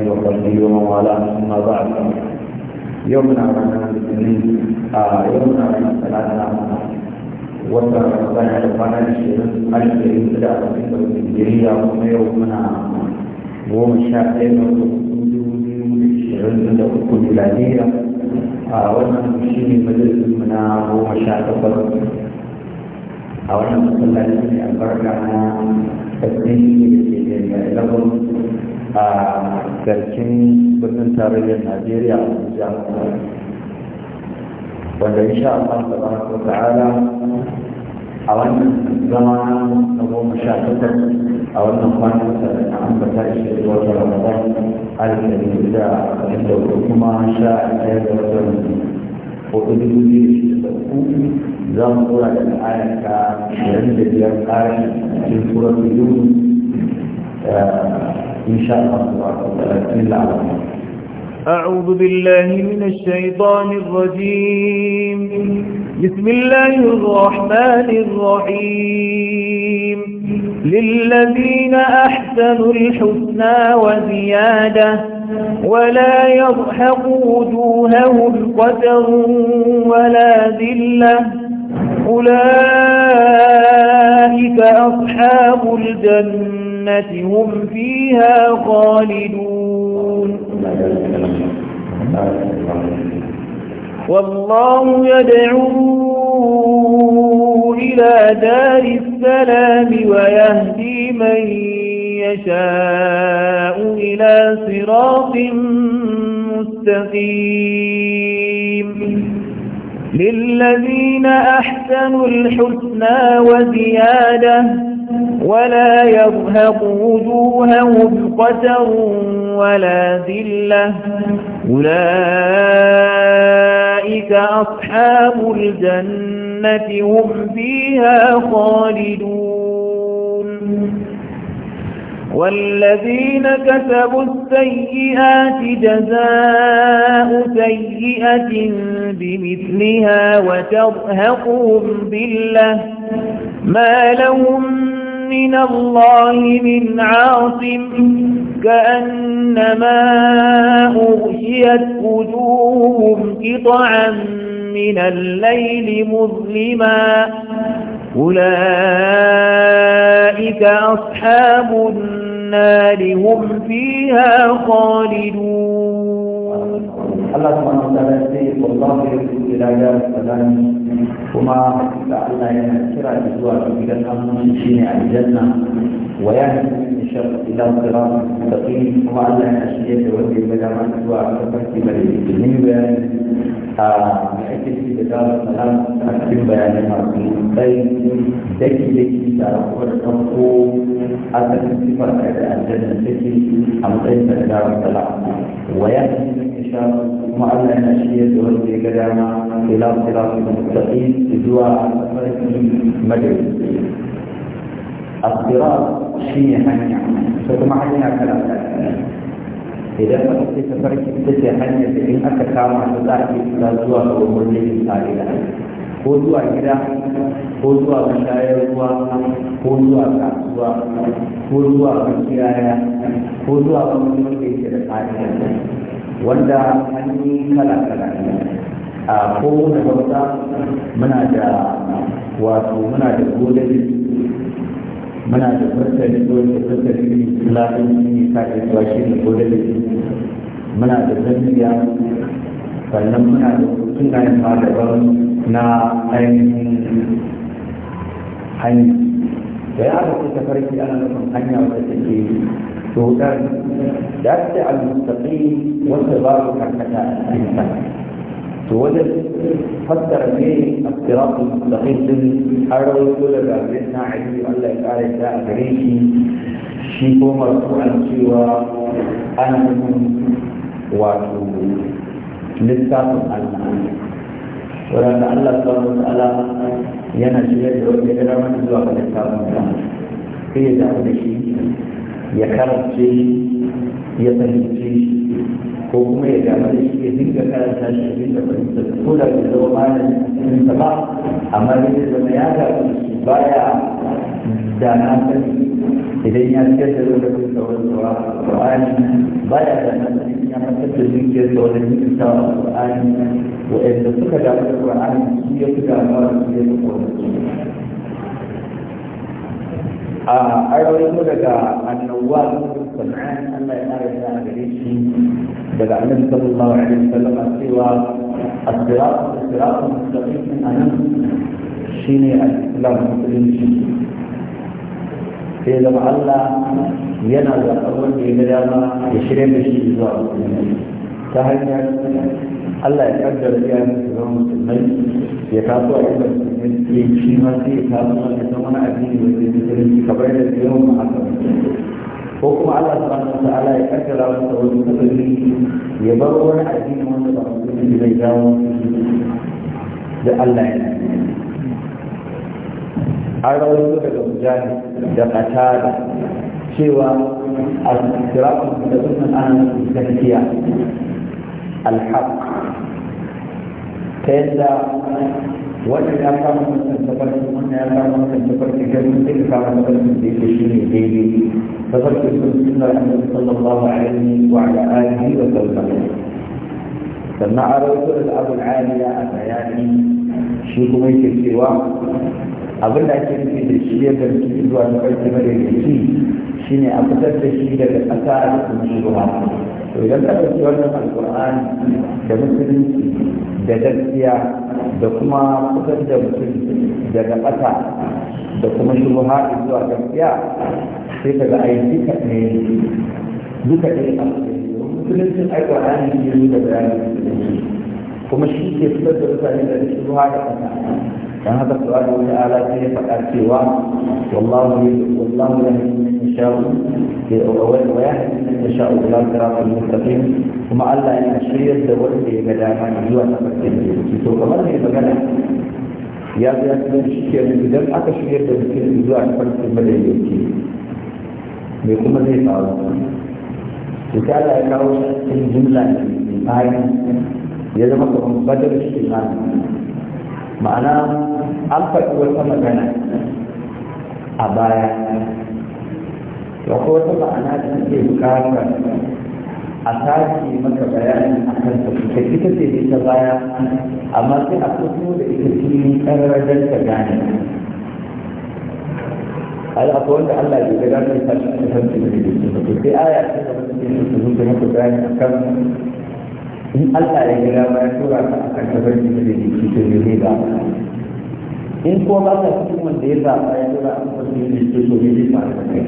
آله وصحبه yau والاه rana بعد يومنا رانا الاثنين يومنا رانا ثلاثة وصل da رمضان الشهر da بدا في kuma yau muna. goma sha ɗaya na ashirin da uku miladiya a wannan shi ne majalisinmu na goma sha takwas a wannan masallaci ne albarka na tasirin da ke da ilagun a Sarkin birnin tarayyar najeriya a abuja wanda ya insha Allah subhanahu wa ta'ala a wannan zama na goma sha takwas a wannan kwanan da na ambata shi da wata ramadan alkali da da kuma sha ɗaya da watan hudu dubu biyu da uku za mu tura da ayata ashirin da biyar ƙarin cikin turar biyu إن شاء الله تبارك وتعالى أعوذ بالله من الشيطان الرجيم بسم الله الرحمن الرحيم للذين أحسنوا الحسنى وزيادة ولا يضحق وجوههم قدر ولا ذلة أولئك أصحاب الجنة هم فيها خالدون والله يدعو إلى دار السلام ويهدي من يشاء إلى صراط مستقيم للذين أحسنوا الحسنى وزيادة ولا يرهق وجوههم قتر ولا ذلة أولئك أصحاب الجنة هم فيها خالدون والذين كسبوا السيئات جزاء سيئة بمثلها وترهقهم بالله ما لهم من الله من عاصم كأنما أغشيت وجوههم قطعا من الليل مظلما أولئك أصحاب النار هم فيها خالدون الله سبحانه وتعالى سيد والله يرسل إلى يا سلام وما تعالى يمسر أجزوا في الجنة من شين الجنة ويعني من الشر الى صراط مستقيم وما الاشياء تودي الى ما سوى تفكي مريض بيان مؤكد آه، في بدار السلام تحكم بيان مرسول طيب دكي دكي تعرفوا الحقوق حتى تنتفع على الجنه التي امضيت بدار السلام ويعني من الشر وما الاشياء تودي الى الى صراط مستقيم سوى تفكي مريض asirar shi ne hanya sai kuma hanya kala idan ba ce ta farki ita ce hanya da in aka kama ta za a iya zuwa ga wurin tarila ko zuwa gida ko zuwa mashayar ruwa ko zuwa kasuwa ko zuwa makiyaya ko zuwa wani wanda yake da tarila wanda hanyoyi kala kala a kowane wata muna da wato muna da godari muna da fasari da fasari ne lafiya ne ka da zuwa shi ne ko da muna da zambiya sannan muna da sunayen ma daban na ainihin hanyar da ya haka kusa farki ana nufin hanya wata take dodar da ta al-mustaqim wanda babu karkata a cikin توجد حتى في اقتراب المستقيم أرض كل بابنا عدي ألا يقال إذا أدريك شيكو مرفوعا سوى أنا منهم واتو لساتو الآن ورد الله صلى الله عليه وسلم ينا شيئا جرود يجرم أن يزوى لساتو الآن في إذا أدريك يكرب شيء ko kuma ya damu da shi ke dinga karanta shi ya dinga fahimta da ko da ke zama malamin sa ba amma dai da zama ya ga da shi baya da na sani idan ya ce da zama da wani tsawa a Qur'ani baya da na sani ya matar da zuciyar da wani jikin sa a Qur'ani wa'anda suka damu da Qur'ani su ya fi damuwa da su ya fi a ayoyin daga annabuwa sam'an Allah ya ƙara ta a gare shi daga annabi sallallahu alaihi wasallam cewa as-siratu as-siratu mustaqim anan shine al-islam musulunci sai zama Allah yana zaɓar wanda ya ga dama ya shirya da shi zuwa musulunci ta hanyar Allah ya kaddara ya zama musulmai ya taso a inda musulmai ya shi ma sai ya taso a cikin wani addini wanda ya musulunci kamar yadda yawan mu haka ko kuma Allah subhanahu wataala ya kaddara masa wani sababi ya bar wani addini wanda ba musulmi zai dawo da Allah ya an rawaito daga mujahid da qatada cewa al-siratu da sunan an gaskiya al-haq ta yadda wannan ya kama mutum tafarki wannan ya kama mutum tafarki kai mun sai kama tafarki da yake shi ne daidai tafarki sun suna annabi sallallahu alaihi wa ala alihi wa ne sannan a rawar da abu aliya a bayani shi kuma yake cewa abin da ake nufi da shi ya garki zuwa na farki mara yanki shi ne a fitar da shi daga ƙasa a cikin ruwa to idan ka ɗauki wannan alƙur'an da musulunci da gaskiya da kuma fitar da mutum daga ƙasa da kuma shubuha zuwa gaskiya sai ka ga yi duka ne duka ne a Musulunci ai ƙur'ani ne da bayanin musulunci kuma shi ke fitar da mutane daga shubuha da ƙasa dan haka subhanahu wa ta'ala sai ya faɗa cewa wallahu wallahu la yashau wa yahdi man yashau ila siratal mustaqim kuma Allah ya shirya da wanda ya ga dama zuwa tafarkin da yake to kamar ne magana ya ga cikin shirin idan aka shiryar da mutum zuwa tafarkin da yake me kuma zai faru to ta Allah ya kawo cikin jumla ne bayan ya zama kamar badar shi ne ma'ana an faɗi wata magana a baya Ya ko wata ma'ana da suke bukatar a tashi maka bayani a kan ta ta ita ce ne ta baya amma sai a kusa da ita cikin ƙararren ta gane ai akwai wanda Allah ya gada ta tashi ta tashi da ita sai aya ta zama cikin su zuwa maka bayani akan in Allah ya gida ba ya tura ka akan tabarki da da jiki to ne zai ba in ko ba ka cikin wanda ya zaɓa ya tura akan tabarki da jiki cikin ne zai ba ka kai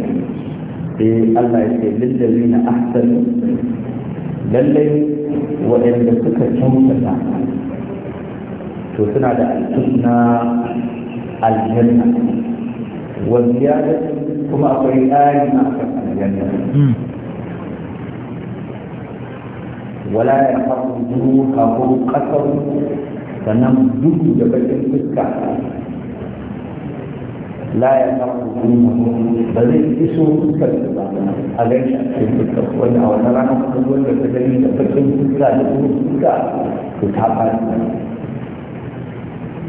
sai Allah ya ce na ahsanu lallai waɗanda suka kyautata to suna da alƙusna aljanna wa ziyadatu kuma akwai ayi a kan aljanna hmm. wala ya faru duhu kafin kasar sannan duhu da bakin fuska la ya faru duhu ba zai iso fuskar ba a shi a cikin fuskar wani a wata ranar kuma wanda ta gani da bakin fuska da duhu fuska to ta fara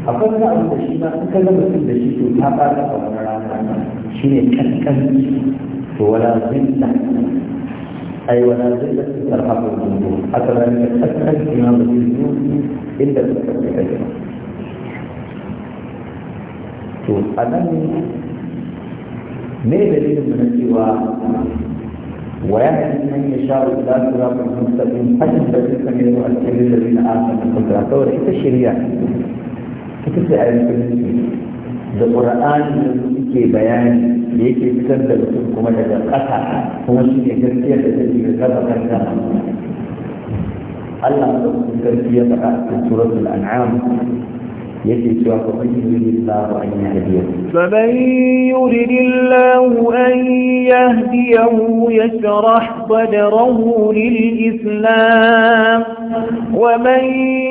akwai wani abu da shi ma in ka gaba da shi to ta fara a wani rana shi ne kankan to wala zinta أي ولا زلة ترحق الجمهور حتى لم يتدخل إمام الجمهور إلا بالتفكير شوف أنا من دليل من السواء ويعني من يشاء الله صراط المستقيم حتى بذلك من المؤثر الذين آمنوا القدرة فهو ليس شريعة كيف تعرف القرآن بيان da yake fitar da mutum kuma daga ƙasa kuma shi ne gaskiyar da take da kafa kanta Allah ya sarki gaskiya da a cikin suratul an'am يجب فمن يرد الله أن يهديه فمن يشرح صدره للإسلام ومن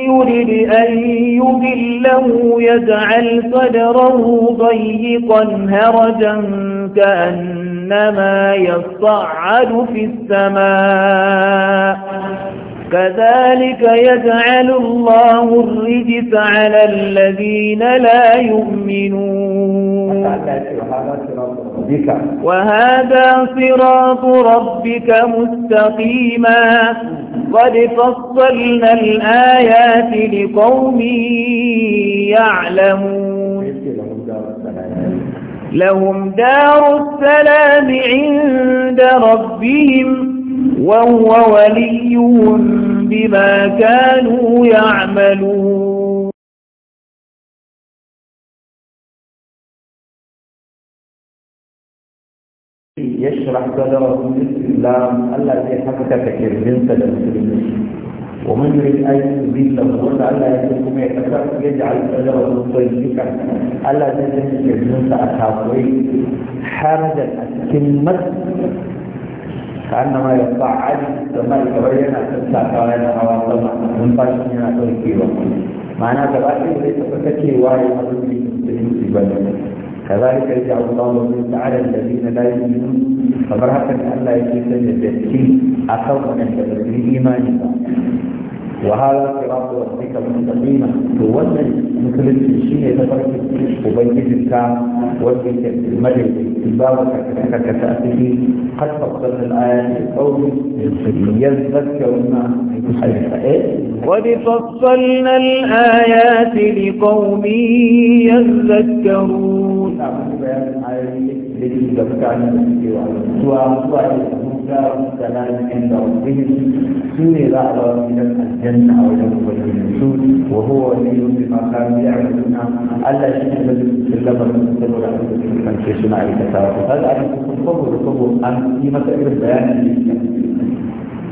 يرد أن يذله يجعل صدره ضيقا هرجا كأن كما يصعد في السماء كذلك يجعل الله الرجس على الذين لا يؤمنون وهذا صراط ربك مستقيما قد فصلنا الآيات لقوم يعلمون لهم دار السلام عند ربهم وهو ولي بما كانوا يعملون يشرح قدر الإسلام الذي حقك من المسلمين ومن يريد أن يذله ولا ألا يكون يتكرم يجعل صدره ضيقا الذي تكرمت أخاطري حرجا أتمت kanama ya ba ali da mai kamar yana cin sakawa hawa sama mun fashin yana ɗauke ba ma'ana da baki da zai tafi kake waye mazubi musulunci ba ne ka zai ji a wuta wa da ta'ada da zai na layi biyu kamar haka da allah ya ce sanya dattin a kan da imani ba وهذا صراط ربك المستقيم هو الذي مثل الشيء يتفرق وبين الكعب وبين المدن تبارك لك كتاته قد فصلنا الايات لقوم يذكر ما نعم، ولفصلنا الايات لقوم يذكرون دار السلام عند ربهم سوري رأى من الجنة أو جنوب الجنسون وهو ولي بما كانوا يعملون ألا شيء الذي سلم المسلم ولا من في صناعة الكتاب هذا أنا أصبر أصبر أن في مسألة البيان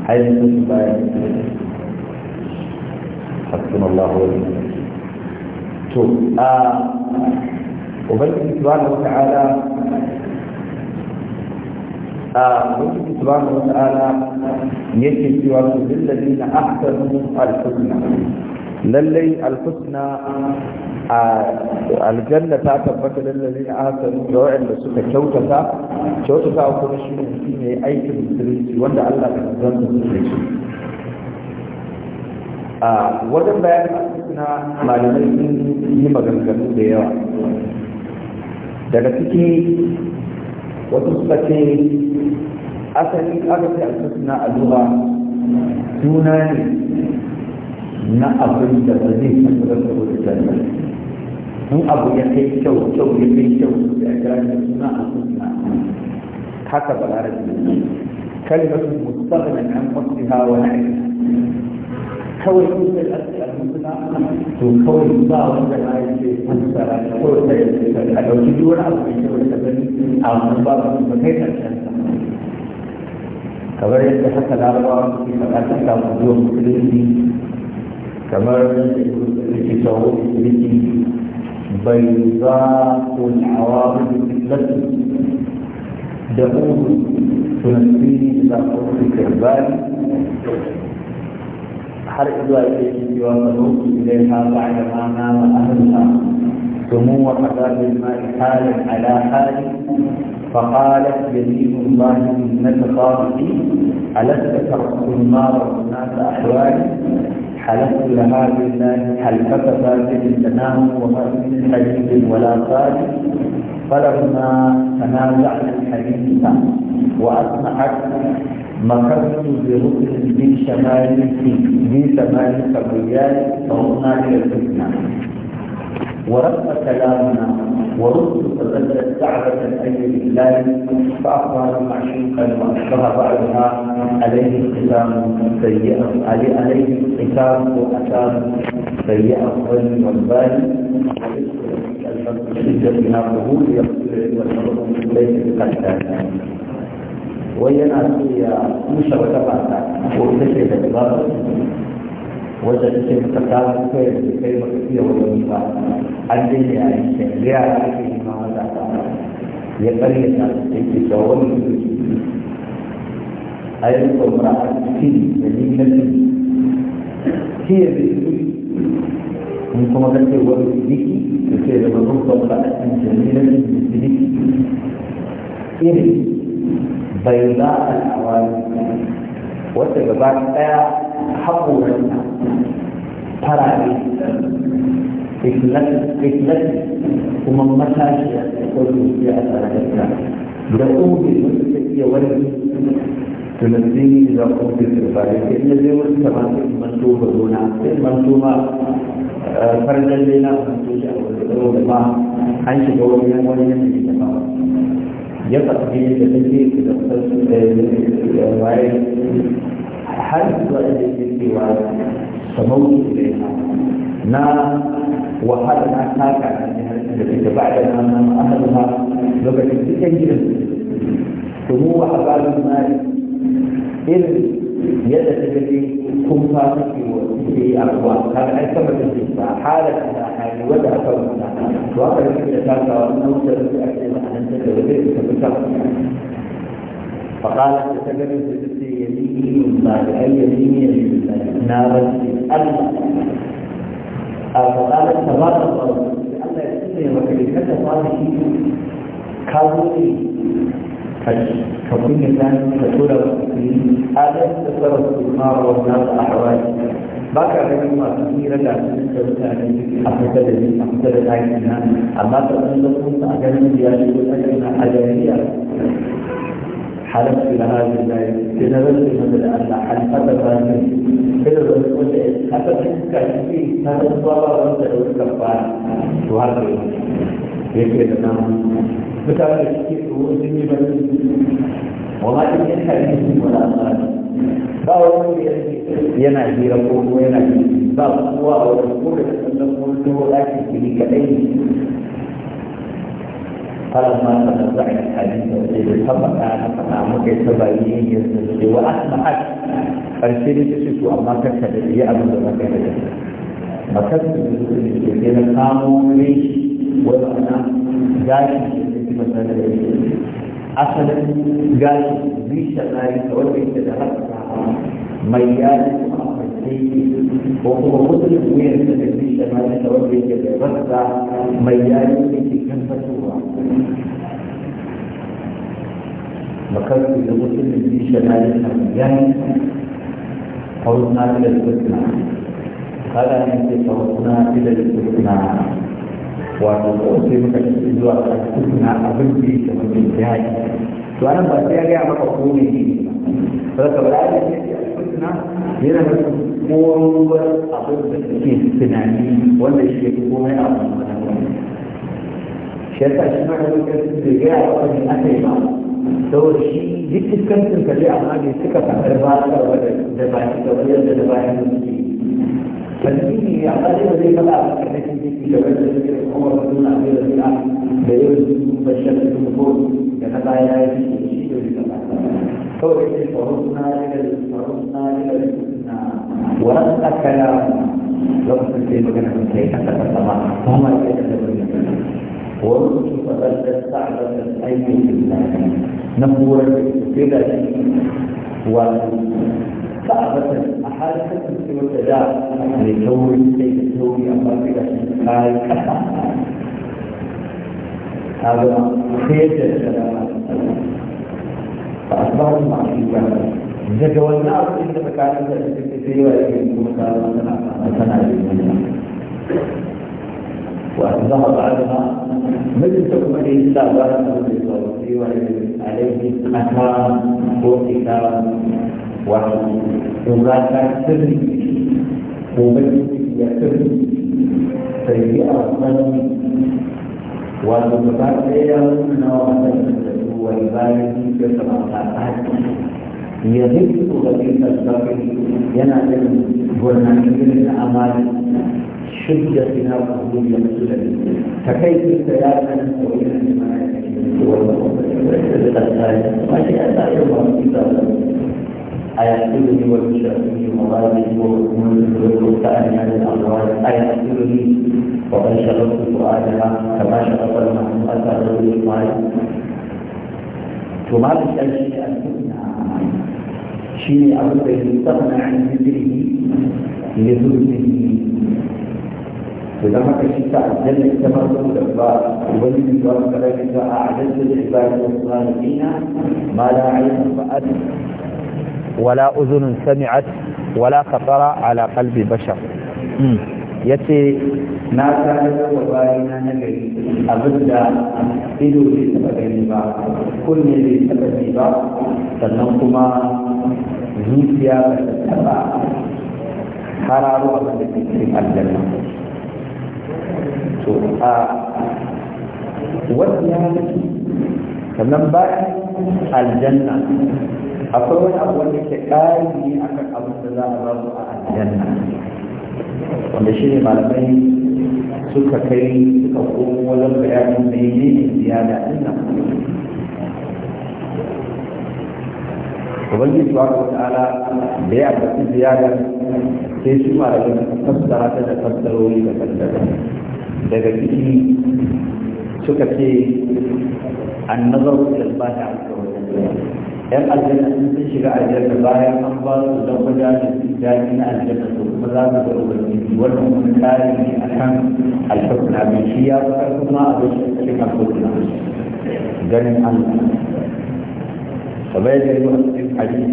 حيث البيان حسبنا الله شوف آه وبلغ سبحانه وتعالى a wajen subhanahu wa ta'ala yake cewa su lillazina ahsanu al-husna lallai alhusna a aljanna ta tabbata lallai na hasanu da waɗanda suka kyautata kyautata kuma shi ne shi ne aikin musulunci wanda Allah ka zanta su da shi a wajen bayan alhusna malamai sun yi maganganu da yawa daga ciki wasu suka ce asali aka ce alhusna a lura suna ne na abin da ba zai tafi da saboda janna in abu ya kai kyau kyau ya kai kyau da ya kira da suna alhusna haka ba lara ne kalmatu mustaqbalan an qasdiha wa na'iha kawai sun sai alhusna to kawai ba wanda na yi ce fassara kawai sai ya ce ka dauki duk wani abu da kyau da ka gani a wannan babu ba kai karshen sa kamar yadda haka larabawa suke ke ta samu zuwa musulunci kamar yadda shawo musulunci bai za ko hawa musulunci da uku tunasiri da zafi kirbani har zuwa yake cewa ka zo ilai ha ba da ma na ma'ahinsa سمو عذاب الماء حالا على حال فقالت يزيد الله انك صادق الست تركت النار هناك احوالي حلفت لها بالله حلفة به تنام وما من حديث ولا قال فلما تنازعنا الحديث واصبحت مكرت بركن ذي شمال ذي شمال كبريات فهنا الى الفتنه ورد كلامنا ورد تبدلت كعبة أي لله فأقبل معشوقا وأشبه بعدها عليه الختام سيئة عليه الختام وأتام سيئة الظن والبال شدة من الظهور يقتل والحرم ليس بقتال وينادي مشركة بعدها وتشهد بغضب وجہ سے ہو گئی آپ کے وقت کی وجہ بات haƙoranta farare riklat kuma matashiya da kwanci a tsararraka da ƙungin wanda ta iya wani tunanzini da za ku fi turfari sai zai wasu kama sai in manto zona sai manto ma farjan dai na manto shi a wani tsaro da ma an shiga wani wani yanayi da ba ya faɗi da take da waye حد والاستواء فموت إليها نا وهذا ما ساكا التي بعد ما نام أهلها لو كانت تجد سمو أبال المال إذ يدك التي كنت في أقوى هذا أي سبب الاستواء حالتها حالي ولا كونها وهذا الذي ذكرت وأنه سبب أكثر أن تتبع فقالت تتبع يمين بعد أي يمين نارا الله فقال تبارك الله الله يسلمني وكلمتك صالحين كوني كوني كان كثيرا هذا تصرف النار والناس أحوال baka ganin masu hira da da mutane a fita da ni a fita da ɗaki na amma ta ɗan lokacin a ganin ya shi ko ta gina a jariya حلفت لهذه الآية تنبسم لأن حلفتها إذا الرسول حلفتك فيه هذا الصلاة وأنت لو كفارة وهكذا يكفي لنا بتعرف كيف وزني بس وما يمكن حديث ولا قال فهو ينادي ربه وينادي باب هو أو يقول لك أنه قلت لك في كأي فلما تنزعنا الحديث الذي سبق أنا فنعمك سبعين يسجد وأسمعك أرسلت تشكو أما كسر يا أبو ذر كسر ما كسر يسجد كانوا ليش وأنا جاي مثلا أصلا جاي ليش أنا يتولى إذا mai yari kuma ko kuma mutum ne da zai shi ma da wanda yake da rasta mai yari ne bakarci da wasu da shi shana ya yi kwaruna da lalitina kada ne ke kwaruna da lalitina wato kawai muka shi zuwa lalitina abin da ya shi mutum ya yi to anan ba sai ya maka ko ne yi ba ka bada da shi lalitina yana da koruwar abin da ke tunani wanda shi ya fi a wani wani shi ya sa shi ma da da ya yi a wani ake ba saboda shi duk ba da wadda baya ya yi shi da shi da wadda ba saboda shi tsoron suna da yau da wani faɗar da sa'adar aiki da zafi na kuwar da ke da shi wani sa'adar a harkar da ke wata da mai tauri da ke tauri a ba da shi kayan ƙasa a ga sai da shi da ba a ba da masu yi ba daga wannan abin da ta kasance da ke sai yawa yake kuma sa'adar da sana'a da sana'a da sana'a وأن بعدها مثل حكومته إلا ظهر عليه مكان وكتاب ومذاكرة سري ومجلس يسر سيئة وصلني والمتفرقة منه ومتفرقة وإبارة في الصلاة يذكر غريب البقر ينادم من الأعمال شدة أو قبول السنن فكيف السلام أن تؤمن بما أيحسبني ويشاكني مضايقي وحكمني ويقطعني عن الأموال أيحسبني وقد شغلت سؤالها كما شغلت المحمود أثر الإسماعيل ثم هذا الشيء أن تقنع شيء أبدا يستغنى عن إذا ما كشفت الجنة كما تقول الأخبار يبين da كذلك أعددت العباد والصالحين ما لا عين رأت ولا أذن سمعت ولا خطر على قلب بشر yace na sanar wa bayana na gari abinda ido bai taba gani ba kunne bai taba ji ba sannan kuma zuciya ba ta taba hararo abin da ke cikin aljanna to a wani ya sannan bayan aljanna akwai wani abu wanda ke ƙari ne akan abin da za a ba su a aljanna wanda shi ne malamai suka kai suka komo wajen bayanin mai ne ziyada ɗin nan ubangiji ba wa ta'ala da ya tafi ziyara sai shi ma da fassara ta da fassarori da fassara daga ciki suka ce an annazar da ba ta yan aljanna sun sun shiga aljanna bayan an ba su don guda da su jami'in aljanna su kuma za su ga ubangiji wannan kuma tsari ne a kan alfasuna mai shi ya fi ma a zai shi a cikin alfasuna ganin allah فبادر يحسن حديث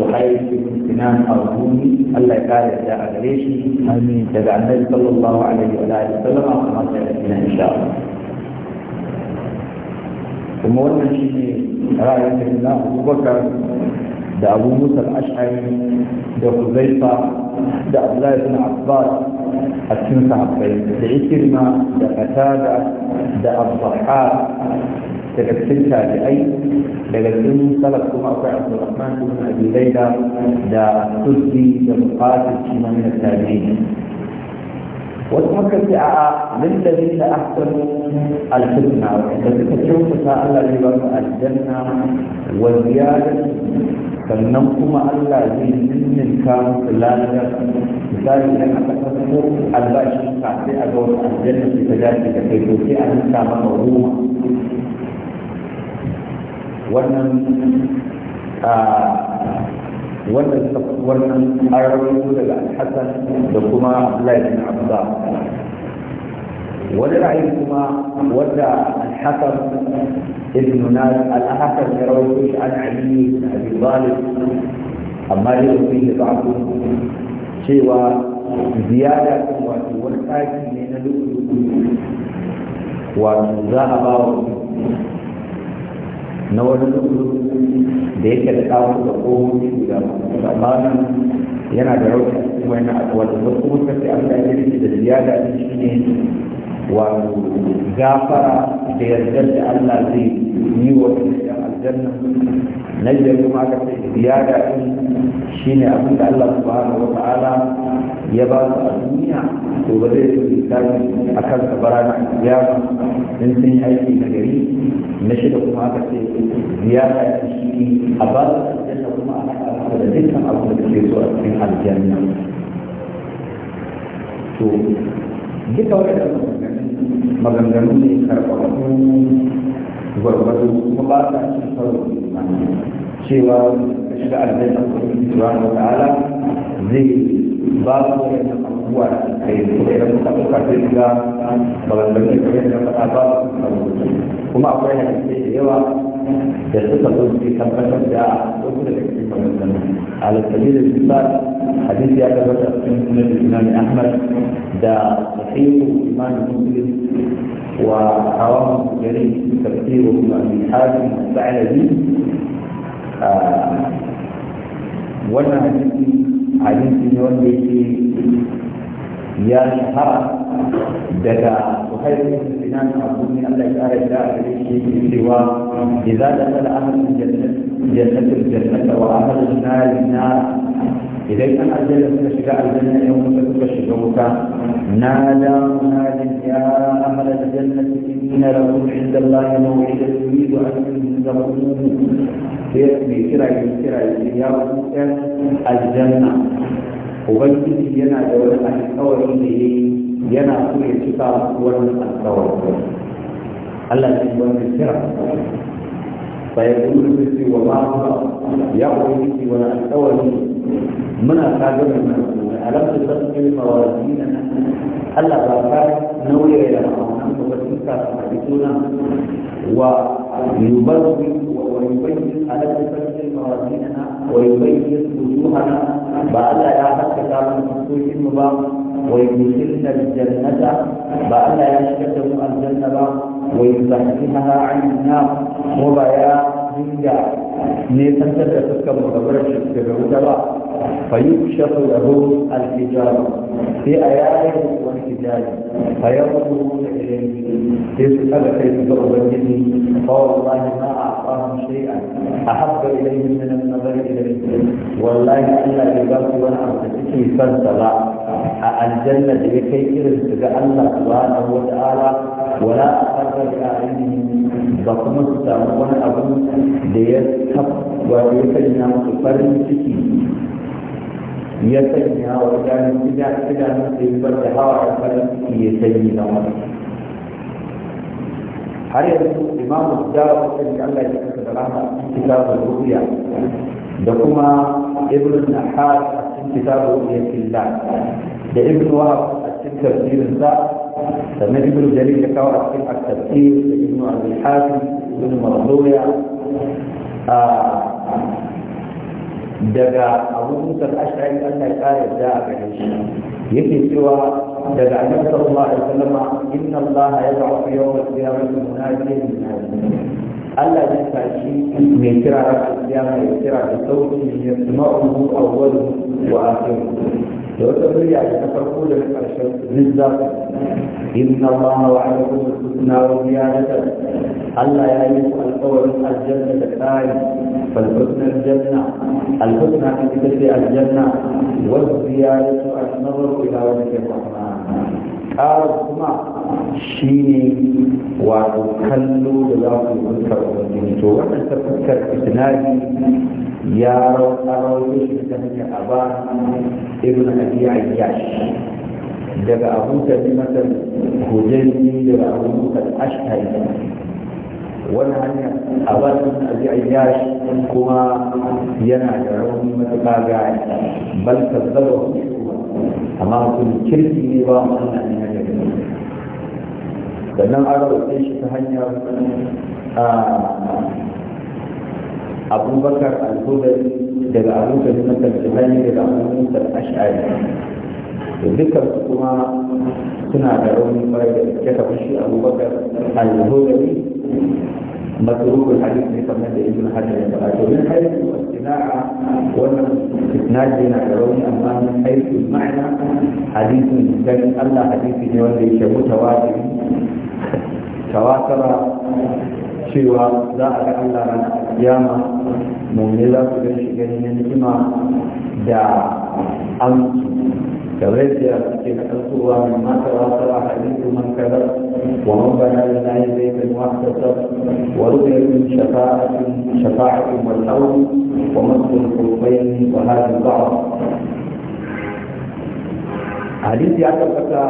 صحيح امتنان ارجوني الا يكاد يدع عليه امين تبع النبي صلى الله عليه وآله وسلم وسلم كما سياتينا ان شاء الله ثم ورد شيخي رأي الله أبو بكر دا أبو موسى الأشعري دا حذيفة دا عبد الله بن عباس أتمنى صحابي دا عكرمة دا قتادة دا الضحاك daga cikin tabi'ai daga cikin salaf kuma akwai abdurrahman ibn abi laila da tuzi da bukatar shi ma min tabi'in wasu maka ce a'a lillazi da ahsanu alhusna da suka kyautata Allah zai ba su aljanna wa ziyadatu sannan kuma Allah zai ninninka musu lafiyar misali idan aka kasko albashin ka sai a ga wasu aljanna su ta dace da kai to sai a ninka maka goma wannan wanda suka wannan ayoyi daga Hassan da kuma laifin bin wani ra'ayi kuma wanda Hassan ibn Nas al-Hasan ya rawaito shi an Ali bin Abi Talib amma da yake da babu cewa ziyada wato wani taki ne na lulu wato za a ba wa na wani da yake da kawo da kowace guda da bayan yana da rauta kuma yana akwai da kuma sai an da yake da ziyada shi ne wato gafara da yardar da Allah zai yi wa aljanna na da kuma aka ce ziyada shi ne abin da Allah subhanahu wa ta'ala ya ba su a duniya to ba zai so misali a kan sabara na ziyara in sun yi aiki na gari na shida kuma aka ce ziyara ya fi shi a ba da kuma a haɗa da dukkan abu da ke so a cikin aljanna to duka wani waɗannan maganganu ne karɓarku gwargwado kuma ba sa ci karo cewa shiga aljanna kuma ta'ala zai babu wani abubuwa da kai idan muka ɗauka sai ba maganganun da kai da ba kuma akwai hadisai da yawa da suka zo su tabbatar da wasu daga cikin maganganun alƙali da bisal hadisi ya tabbatar cikin sunan imam ahmad da sahihu imam muslim wa hawa gari tafsiru imam hakim sa'adi ah, wannan hadisi hadisi ne wanda yake ya shahara daga وخير الإنسان عبد من الله تعالى إلى عليه سوى إذا دخل أهل الجنة جنة الجنة وأهل النار النار إذا كان الجنة تشجع الجنة يوم تشجعك نادى مناد يا أهل الجنة إن لهم عند الله موعدا يريد أن ينزلوه في كرة كرة يا الجنة ubangiji yana da wani alkawari da ya yana so ya cika wannan alkawari Allah ya yi wannan kira فيقول مثلي وما هو يقول مثلي ولا أتولي من أكاذب المسؤول ألم تتقي الموازين ألا باكار نوي إلى أنهم وتلك حديثنا ويبرر ويبين ألم تتقي موازيننا ويبين وجوهنا بألا يا حتى كانوا مسكوشين مبا ويدخلنا الجنة بألا يشكتم الجنة ويزحزحها عن النار مبايا جنجا نيسان تدرسك مقبرة شكتب وتبا فيكشف له الحجاب في آيات والحجاب فيرضون إليه يسأل كيف تؤمن فوالله ما أعطاهم شيئا أحب إليه من النظر إلى الجنة والله إلا يبقى في ورحمة تكي فانتظى الجنة لكي يرسل الله سبحانه وتعالى ولا أحب لأعينه bakuma su samu wani abin da ya tab wa ya sanya musu farin ciki ya sanya wa gani gida gida ne da ya bar da hawa da farin ciki ya sanya na wani har yanzu imamu da kusan da Allah ya kasa da rahama a cikin kitabun rubiya da kuma ibnu nahar a cikin kitabun rubiya killa da ibn wahab a cikin tafsirin sa sannan ibn jarir ya kawo a cikin at-tafsir da ibn abi hatim ibn marzuya daga abu musar ashari Allah ya kare da a gare shi yake cewa daga annabi sallallahu alaihi wasallam inna allaha yad'u yawm al-qiyamati munadiyan Allah ya tashi mai kira ran kiyama ya kira da sauki ya sama'u awwal wa akhir da wata murya ta farko da karshen rizza inna allaha wa'adakum al-husna wa ziyadatan الا يعرف الحور الجنه الثاني فالحسنى الجنه الحسنى في تلك الجنه والزياده النظر الى وجه الرحمن قال ثم شيني وكلوا لذاك المنكر والمنكر وانا تفكر تنادي يا رب اروش بتهني ابان ابن ابي عياش دبا ابو تهيمة هجيني دبا ابو الاشهر wani hanya a bakin aji ayyashi kuma yana da rauni matuƙa ga bal kazzaba amma mutum kirki ne ba mu Allah ne ya gani sannan an rawaita shi ta hanyar abubakar al-hudari daga abubakar na kalfihani daga abubakar ash'ari da dukkan su kuma suna da rauni kwarai da gaske kamar shi abubakar al-hudari متروك الحديث من سنة ابن حجر يقول من حيث الصناعة والإسناد بين عدواني أما من حيث المعنى حديث جن الله حديث يولي شبه متواتر تواتر شوى ذاك الله من القيامة مؤمن لا شجن من إما دا أمس kamar yadda suke na mai mata wa ta ba hadin wa man da na yi zai bin wa ta sa wa rufe yin shafa'atun shafa'atun wallahu wa masu kurbai ne wa hajji ba hadisi ya tabbata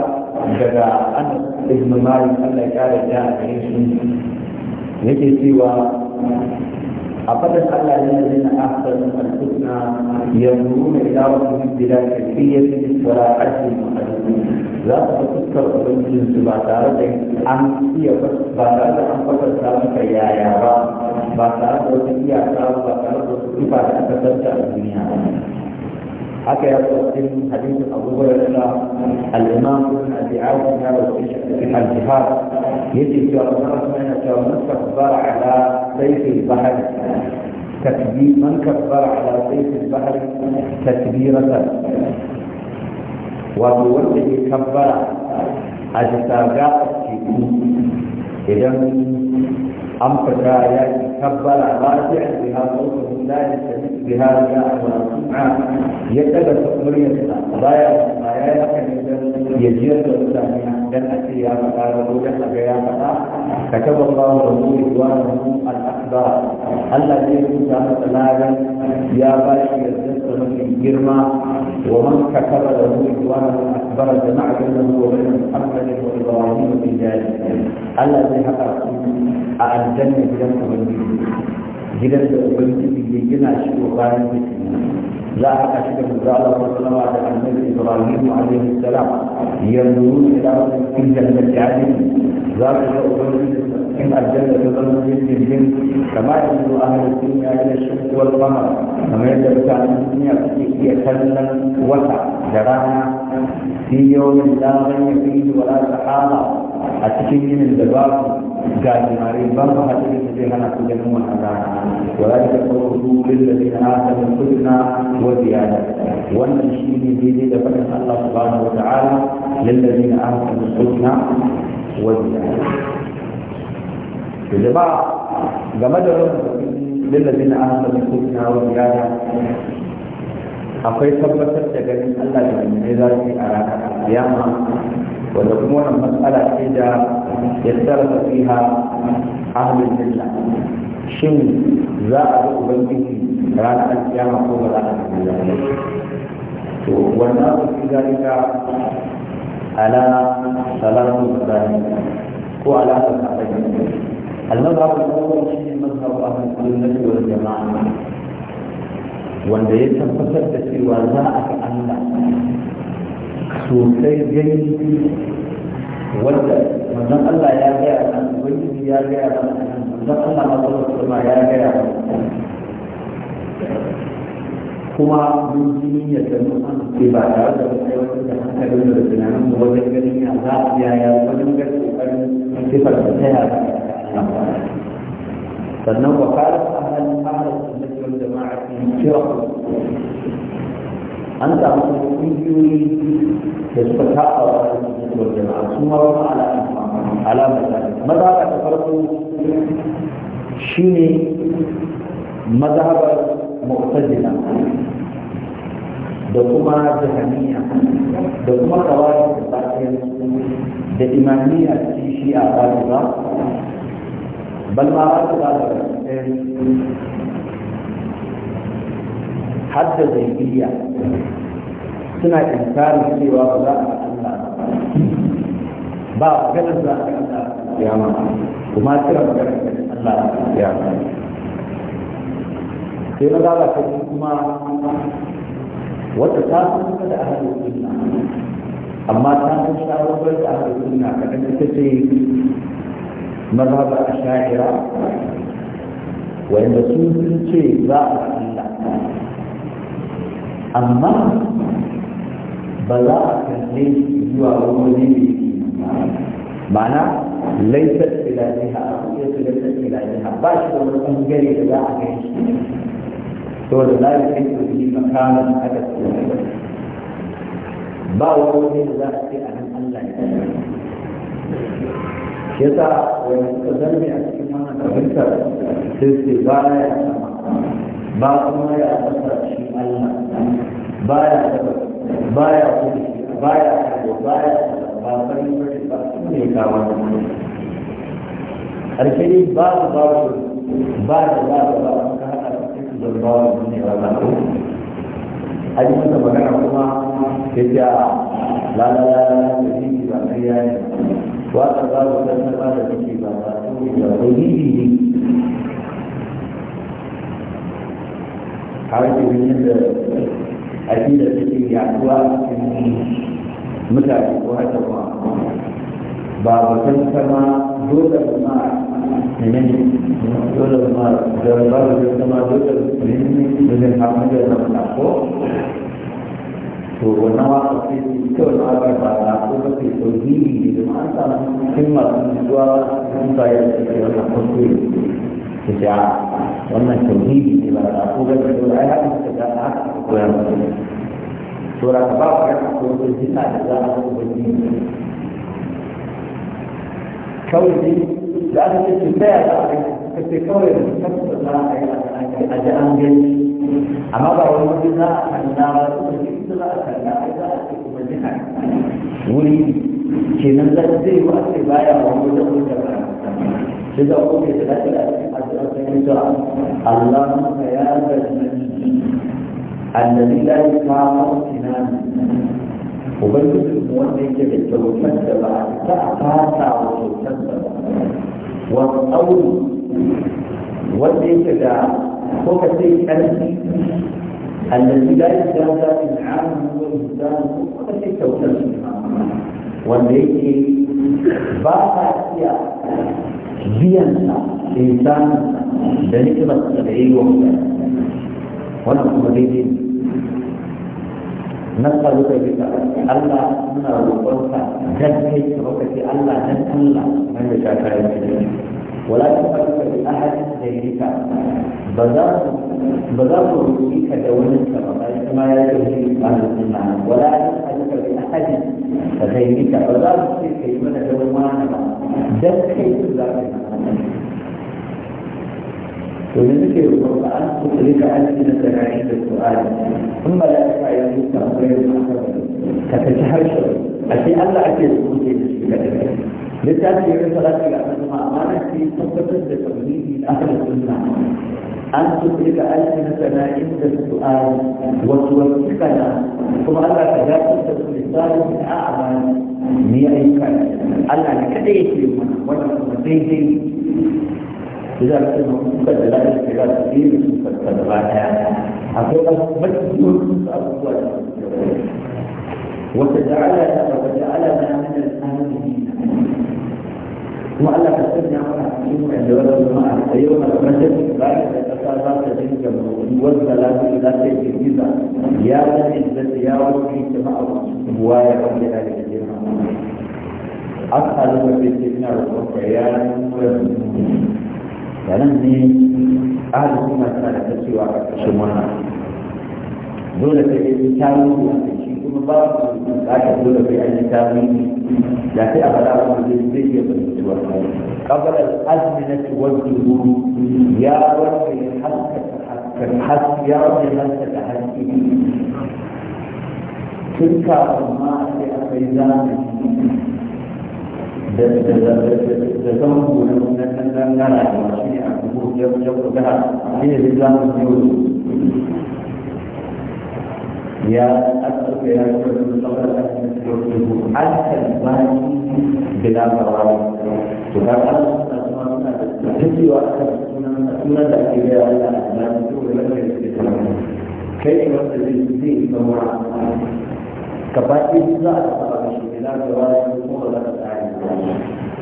daga an ibn malik Allah ya kare ta a cikin shi yake cewa a fadar Allah ne zai na asar al-kutna ya nuna ila wani bidda ka kiyar tsara ajiyar mahalli za su fuskar ubangijin su ba tare da an iya ba tare da an fasar samun ka yaya ba ba tare da wata iyaka ba tare da wata kufa da aka sarta a duniya حكى يقول حديث أبو هريرة الإمام ابن أبي عاصم في الجهاد يجي في رمضان من كبر على سيف البحر تكبير من كبر على سيف البحر تكبيرة وبوجه كبر أجساد إذا ہم پتا ہے کہ سب بڑا آبادی ہے بہاروں کو زندہ بہار کا یہ تکیا ہے ya jiyar da mutane dan a ce ya faɗa da ko dan a ga ya faɗa ka taba ba wa wa rabu al-akbar Allah zai rubuta masa ladan ya ba shi yardar da mafi girma wa man kataba da rabu wa rabu da ma'akin da huwa min Muhammad Allah zai haɗa su a aljanna gidan ubangiji da ubangiji ya gina shi bayan لا أشد أن الله وسلم على النبي إبراهيم عليه السلام ينظرون إلى في جنة عدن ذلك إن الجنة ظل في الجن كما ينظر أهل الدنيا إلى الشمس والقمر كما يدرك أهل الدنيا في سلا وسع جرانا في يوم لا غني فيه ولا سحابة a cikin ginin da babu ga jimare babu hadirin da zai hana su ganin wannan rana wa ya ta kawo rubin da zai hana ta min kudna wa ziyada wannan shi ne daidai da faɗin Allah subhanahu wa ta'ala lallabi na aka min kudna wa ziyada da jama'a game da rubin lallabi na aka min kudna wa ziyada akwai tabbatar da ganin Allah da ne za su yi a ranar kiyama wanda kuma wannan matsala ce da ya sarrafa fiha ahlul milla shin za a ga ubangiji ranar alkiyama ko ba za a ga to wannan abu fi zalika ala salatu zani ko ala salatu المذهب na شيء jama'a. Wanda ya tabbatar da cewa za a ذاك الله sosai gani wanda wannan Allah ya gaya nan ubangiji ya gaya nan wannan Allah ma zuwa kuma ya gaya nan kuma mun ji niyyar da mun an ce ba tare da mun aiwatar da hankalin da tunanin mu wajen ganin ya za a iya ya wajen ganin kokarin sifar da ta yara sannan wakalar ahalin da sunnati wal jama'a cikin kira an samu kungiyoyi da suka taɓa wa rasuwar jama'a su ma wani alamar Maza ta farko shi ne mazhabar mu'tazila da kuma jahaniya da kuma kawai da tafiya. da imaniya shi shi a ba bal ba ta ba da har da zaibiya suna inkarin cewa ba za a Allah ba a ganin za a Allah ya ma kuma kira maganar Allah ya ma sai na lalata kuma wata ta san da ahalin sunna amma ta san shawarar da ahalin sunna kadan ita ce mazhabar asha'ira wanda su sun ce za a Allah amma ba za a kalle zuwa wani ne ma'ana laisar ilajiha a kuyatu laisar ilajiha ba shi da wani ɓangare da za a kai shi to da za a kai su yi makamin aka tsoron ba wani da za a ce a nan allah ya shi yasa wani suka zarme a cikin wannan fahimtar sai sai ba ya sama ba kuma ya sama baya da baya kudi baya da baya ba bari bari ba su ne kawo da karshe ne ba su ba su ba da ba su ba su ka haɗa su su zarba wa su ba wala ko a yi masa magana kuma ya ce a lalala da jiki ba kai ya ba wata ba su ta sarfa da jiki ba ba su ne ba ko jiki ne har yi da aƙidar take yaduwa a cikin mutane ko hata ma ba batun sama dole ma ne dole ma da ba batun sama dole ne da zai kama da zama na ko to wannan waka ce kyau na waka ba na ko ba ce to gini ne da ma an samu cikin zuwa sun bayan da ke wannan kuskure ta ce a wannan tauhidi ne ba ko ba to ai haka ta ga koyar to da ba ku yana koyar suna da za a kuma yi kawai ne da aka ce su taya za a yi ka ce kawai da kasa za a yi a ji an gani amma ba wani wani za a kanna ba su da ke za a kanna a za a ce kuma jiha wuri kenan zai zai wa ce baya wani wajen wajen ba إذا قلت لا إله إلا أنت اللهم يا ذا الذي لا يقام اغتنام وبين المؤمنين بالتوكل تبع تعطى تعوض والقول والذي تدعى هو كثير الذي لا يزال انعام والانسان هو كثير توكل والذي باقى اشياء بينا انسان ذلك ما وانا اقول نسألك بك الله منا روحك جدك روحك الله جد الله من يشاكر ولا تسألك بأحد غيرك بذات بذات روحك دونك كما يجري أهل السنة ولا تسألك بأحد غيرك بذات روحك كلمة دونك جدك ذاتك وذلك القرآن تخرج ألسنة عند السؤال ثم لا تقع يموت غير محرم تتشهر أتي ألا أتي الخروج لذلك يقول صلاة الأمانة أمانة في صفة لتمهيد أهل السنة أن تدرك ألسنتنا عند السؤال وتوفقنا ثم ألا تجاوز السؤال من أعمال مئة ألا لكذا يكلمنا ولا تمثيل لذلك انه لا اختلاف كثير في التبعات حقيقه مجد افضل وتجعلنا وتجعلنا من الامنين وعلى كثير من عند رب الماء أيوم المسجد بعد الأسابات تلك والثلاث إلى تلك الجزء يا العزة يا ربي سماء موايا قبل ذلك الجمع أسألك باستثناء الخطيان والمسلمين da nan ne ahalin suna suna da kacewa a ƙarshen wannan dole sai dai sun tawo shi kuma ba su buƙatar dole sai an yi tawo da sai a faɗa wani zai zai iya fahimtuwa قبل الأزمنة والظهور يا رب حتى تتحسس يا رب هل تتحسس تلك ما في الفيزان da da da da da da da da da a da da da da da da da da da ya asirka ya kuka saboda a cikin kuku da bani da labarwa da da tafiwa a kan da ake da da kai wanda zai zai ka za a da shi da kuma da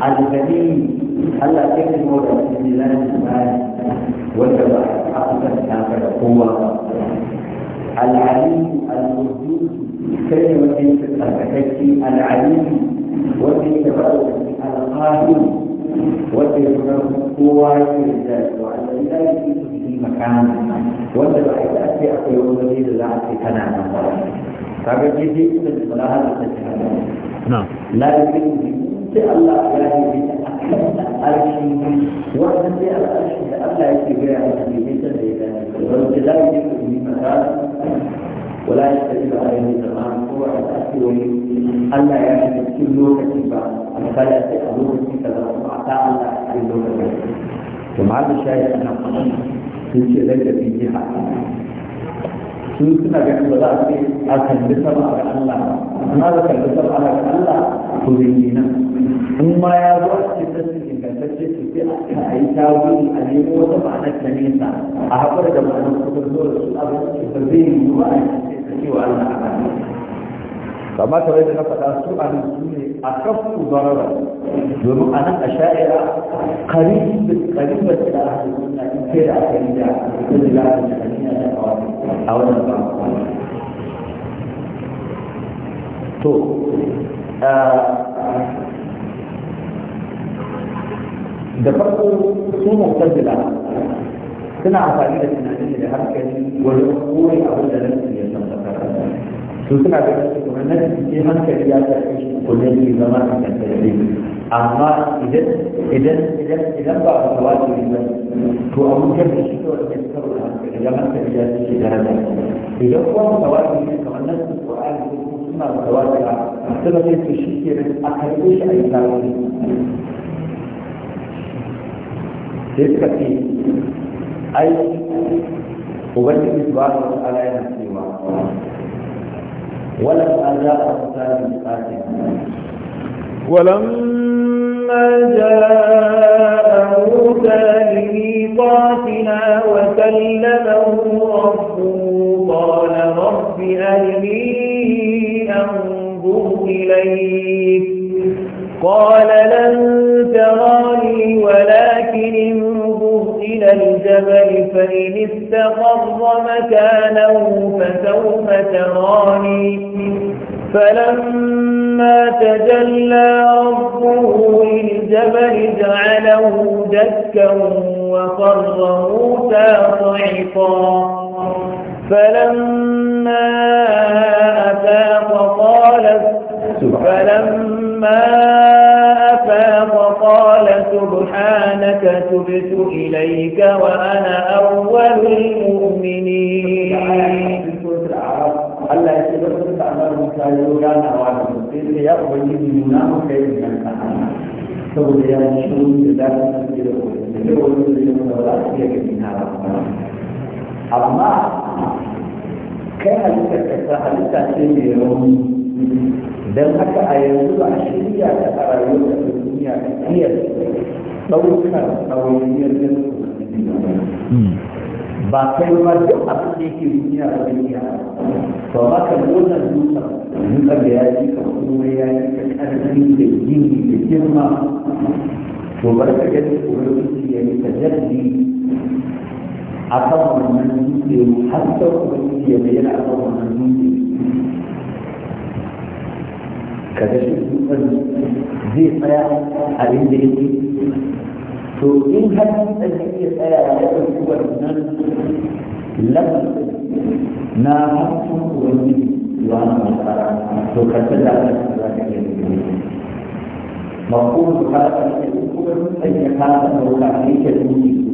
alkali Allah ke ne mu da cikin lalle bai wanda ba a cikin tafa da kowa alalim alqudus kai ne wanda yake tsarkakacci alalim wanda yake ba da alqahir wanda ya fara kowa yake da shi wa alalim da yake cikin makan wanda ba a ce akwai wani da za a ce kana nan ba kaga ji ji da malaha da take nan na la yake sai Allah ya yi ta akan arshi wannan sai al'arshi da Allah yake gaya masa ne nisan da ya gane wanda la yi ku ni maka wala ya tafi ba ayyuka zaman ko a tafi wani Allah ya yi cikin lokaci ba misali sai a lokaci kaza ko a ta Allah a cikin lokaci to ma'azu shayi ana sun ce lalle bi jiha su suna ganin ba za a ce a kalli sama ga Allah amma da kalli sama ga Allah to zai nan in ma ya zo a cikin sassin ingantacce su sai a yi a yi a nemo wata ma'ana ta nesa a haƙura da su ka zo da su su da zai yi ba a yi cewa Allah a kamar kamar da na faɗa su a nan su أخف ضررا يوم أنا أشاعر قريب قريبة إلى أهل السنة إن كده كريدة كل لا تشكلين أو نفع تو da farko su mutazila suna amfani da tunani da hankali wajen kore abin da nan ya san su suna ganin su kuma nan ke hankali ya tafi shi kullum zama a kantarbe amma idan idan idan idan ba a kawo ne to a wutar da shi kawai da suka ruwa da zaman ya da shi idan kuma ba kawo ne kamar nan su ko a ko suna ba kawo da suka ce su shi ke a karɓe shi a yi ne sai suka ce ai ubangiji ba wa ta'ala yana cewa ولما جاء موسى بميقاتنا ولما جاء موسى وكلمه ربه قال رب أرني ಮಾಡಿದ್ರು amma kai halitta ka sa halitta ce mai rauni don haka a yanzu ba a shirya ta a rayuwar da duniya ta iya ɗaukar ɗawainiyar jin ba kai ba duk abin da yake duniya ba zai iya ba ba ka nuna dutsa dutsa da ya ji ka kuma ya ji ka ƙarfi da gini da girma to bar ka gani ubangiji ya yi tajalli a kan wannan dutse har sau ubangiji ya bayyana a kan wannan dutse ka ga shi zai tsaya a inda yake to in har dutsen da ya tsaya a kan wannan lamarin na hankali ubangiji سبحانه وتعالى تكتب على ذلك مفهوم هذا الكبر أي هذا هو تعليق المسلم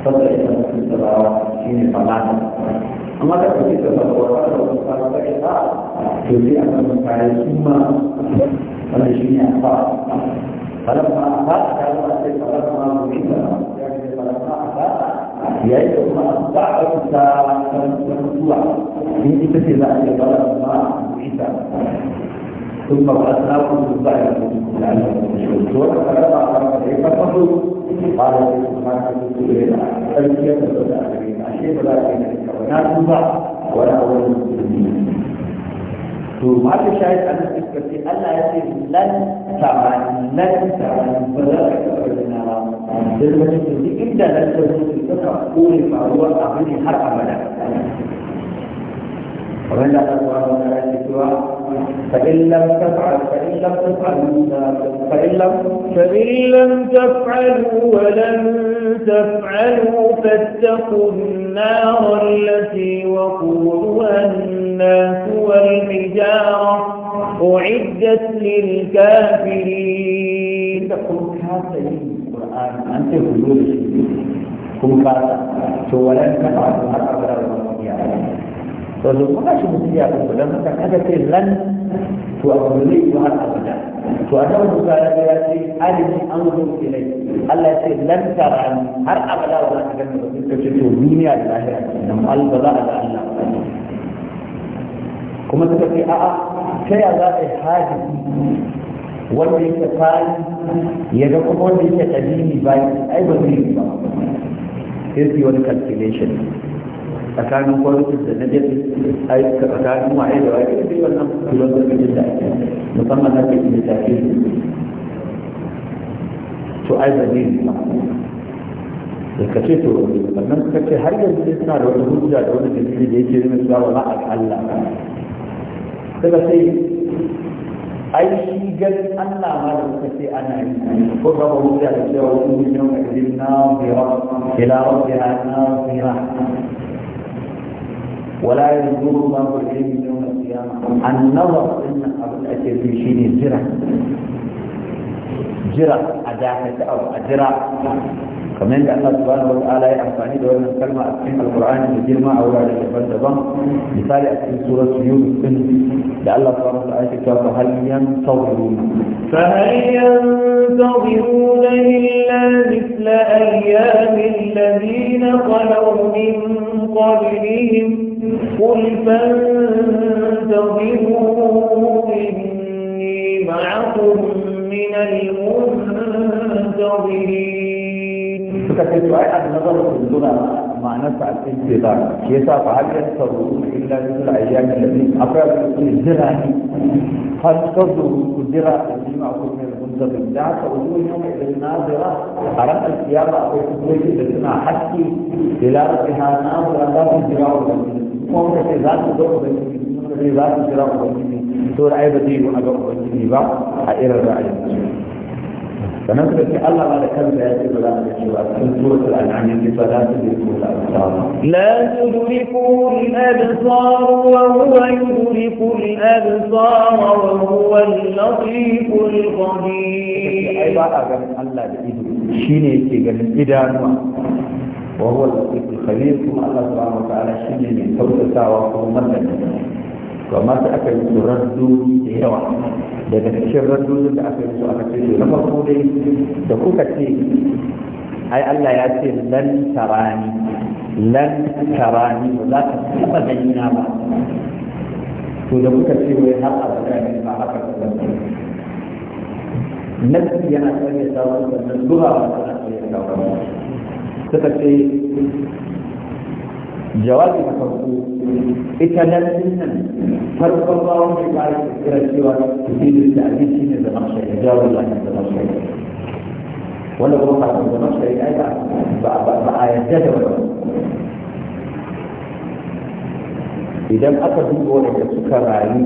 Terima kasih kerana menonton! yi سبحانه وتعالى تلقية المتأخرين أشياء ولكن الكونات تبع ولا أول المسلمين to ma ta shahid an suka ce Allah ya ce lan tamani lan tamani ba za ka taɓa jina ba dan wani to duk inda nan ta zo ta saka kore faruwa a ne har abada wanda Allah ya ce cewa فإن لم تفعل فإن لم تفعل فإن لم تفعلوا ولن تفعلوا فاتقوا النار التي وقودها الناس والحجارة أعدت للكافرين تقول كافرين القرآن أنت هلول كم كافر ولن تفعلوا حتى to da kuma shi mutum ya kuma dan haka kada sai lan to a kuma zai yi har abada to a nan musa ya ga ya ce an Allah ya ce har abada ba za ka gani ba sai ce to duniya da lahira nan al ba za a ga Allah kuma suka ce a'a ta ya za a yi hadisi wanda yake fari ya ga kuma wanda yake kadimi ba ai ba zai yi ba sai su yi wani calculation tsakanin kwalitis da najis ai tsakanin waye da waye da wannan filosofin da ake musamman na cikin da take to ai ba ne da ka ce to wannan suka har yanzu dai suna da wani hujja da wani dalili da yake nuna cewa wala a Allah daga sai ai shi gan Allah ma da suka ce ana yi ko ba ba hujja da cewa wani hujjan da na bira ila rabbiha na bira ولا ينظر الله العلم يوم القيامه النظر ان ابو الاجر شيء جرى جرى اداه او اجرى فمن الله سبحانه وتعالى يعطاني دولا كلمة أتحم القرآن يجير ما أولا لك فالتظم مثال أتحم سورة يوسف لألا سبحانه وتعالى فهل ينتظرون فهل ينتظرون إلا مثل أيام الذين خلوا من قبلهم قل فانتظروا إني معكم من المنتظرين suka ce to ai an nazar kulluna ma'anarsa al-intizar shi yasa fa hal yasarruna illa bil ayyam allati akwai sun jira ni hal tazu ku jira bima akum min muntabi da ka wujuhu ila nazira a ranar kiyama akwai kusoshi da suna haske ila rabbiha za su jira ubangiji kuma muka ce za su zo ubangiji muka za su jira ubangiji to da ai ba zai yi a ga ubangiji ba a irin ra'ayin sannan suka ce Allah ba da kansa ya ce ba za ka cewa cikin suratul an'am yake fa la tudriku al-absar la tudriku al-absar wa huwa yudriku al-absar wa huwa al-latif al-qadir ai ba a ganin Allah da ido shine yake ganin idanuwa wa huwa al-latif al-khabir kuma Allah subhanahu wa ta'ala shine mai kautatawa kuma mallaka to amma sai aka yi su raddu da yawa daga cikin raddu da aka yi su aka ce na farko dai da kuka ce ai Allah ya ce lan tarani lan tarani ba za ka taba ganina ba to da kuka ce wai har abada ne ba haka ba nafsi yana sanya da sannan zuwa ba tana sanya dawo suka ce jawabi na farko ita nan nan farkon bawon da ba ya kira cewa tafidin da abin shi ne zama shari'a jawo da ake zama shari'a wanda kuma kafin zama shari'a ba ba a yadda da wani idan aka duba waɗanda suka rayu